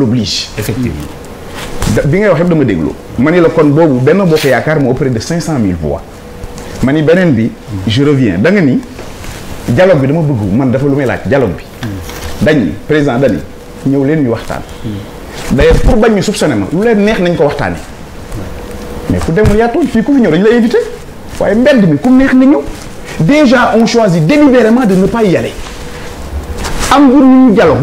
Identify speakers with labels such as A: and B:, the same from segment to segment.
A: l'oblige. effectivement bi ngay wax yëpp dama déglu. ma ni la kon boobu benn bokk yaakaar moo auprès de 500000 voix. ma ni beneen bi. je reviens da ni. dialogue bi dama bëgg man dafa lu may laaj dialogue bi. dañ ni président dañ ñëw leen ñu waxtaan. d'ailleurs pour bañ ñu soupçonné ma lu leen neex nañ ko waxtaanee. mais ku demul yaa tooñ fii ku fi ñëw dañu la invité. waaye mbedd mi ku neex na ñëw. déjà on choisit délibérément de ne pas y aller. am lu ñu dialogue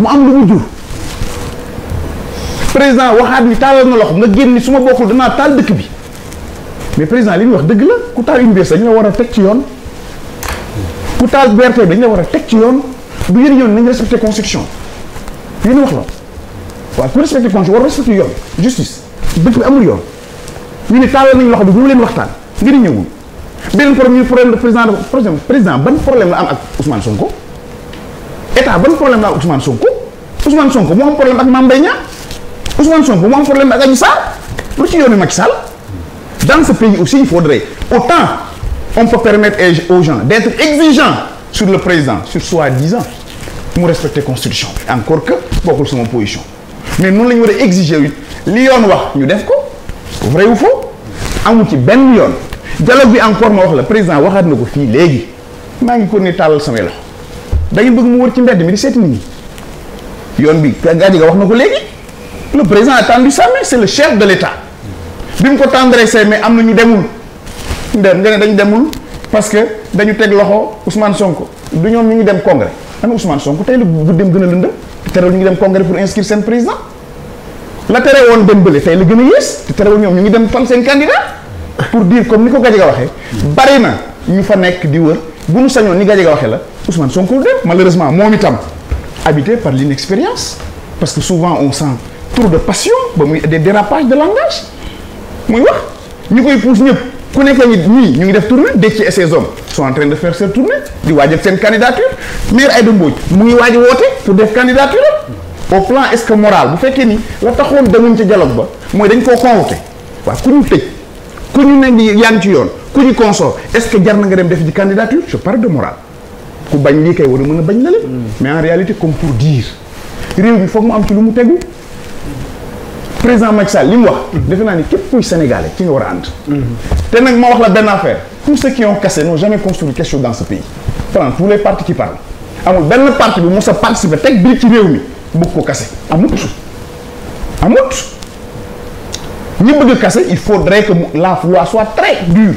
A: président waxaat ni taalal na loxo nga génn ni su ma bokkul danaa taal dëkk bi mais président li muy wax dëgg la ku taal université dañu la war a teg ci yoon ku taal BRT bi war a teg ci yoon du yéen yoon nañu respecté constitution yéen wax la waaw ku respecté constitution war respecté yoon justice dëkk bi amul yoon ñu ne taalal nañu loxo bi bu mu leen waxtaan ngir ñëwul beneen problème ñu président de président ban problème la am ak Ousmane Sonko état ban problème la am ak Ousmane Sonko Ousmane Sonko moo am problème ak Mame Mbaye Ousmane Sonko mu am problème ak Adji Sarr lu ci yoonu Macky Sall dans ce pays aussi il faudrait autant on peut permettre aux gens d'être exigeants sur le président sur soi-disant mu respecter constitution encore que bokkul sama position mais noonu la ñu war a exiger yoon wax ñu def ko vrai ou faux amul ci benn yoon dialogue bi encore ma wax la président waxaat na ko fii léegi maa ngi ko ni tàllal samay loxo da bëgg mu wër ci mbedd mi di seeti nit ñi yoon bi gaa ji wax na ko léegi. le président a tendu c'est le chef de l'État bi mu ko tendre sa main am na ñu demul dem nga ne dañu demul parce que dañu teg loxo Ousmane Sonko du ñoom ñu ngi dem congrès ana Ousmane Sonko tey la guddeem gën a lëndëm te terewul ñu ngi dem congrès pour inscrire seen président la tere woon dem bële tey la gën a yées te terewul ñoom ñu ngi dem fal seen candidat pour dire comme ni ko Gadiaga waxee bari na ñu fa nekk di wër bu nu sañoon ni Gadiaga waxee la Ousmane Sonko dem malheureusement moom itam habité par l'inexpérience parce que souvent on sent trop de passion ba muy des dérapages de langage muy wax ñu koy pousse ñëpp ku nekkee nit ñu ngi def tournée Déthié et ses hommes sont de faire seen tournée di waajal seen candidature maire de Mbodj mu ngi waaj woote pour def candidature au plan est-ce que moral bu fekkee ni la taxoon demuñ ca dialogue ba mooy dañ koo convoqué waaw ku ñu tëj ku ñu ne di ci yoon ku ñu consort est-ce que jar na nga dem def candidature je parle de moral ku bañ lii kay war a mën a bañ président Macky Sall li mu wax. defe naa ni képp kuy sénégalais ki nga war a ànd. te nag ma wax la benn affaire tous ceux qui ont cassé n'ont jamais construit quelque chose dans ce pays. prends tous les partis amul benn parti bi mos a participer teg bii ci réew mi bëgg ko kase amut amut ñi bëgg kase il faudrait que la loi soit très dure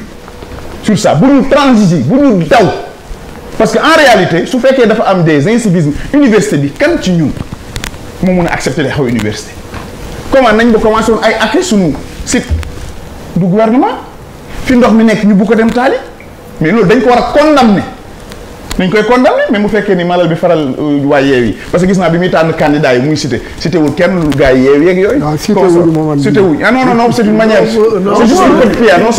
A: sur ça bu ñu transiger bu ñu daw parce que en réalité su fekkee dafa am des incivismes université bi kan ci ñun moo mun a accepter xaw université comment nañ ba commencé woon ay aké suñu site du gouvernement fi ndox mi nekk ñu bu ko dem taali mais loolu dañ ko war a condamné nañ koy condamné mais mu fekkee ni malal bi faral euh, waa yeew yi parce que gis naa bi muy tànn candidat yi muy cité cité kenn lu gars yeew yeeg yooyu cité wuñ ah non non non c'est une manière c'est juste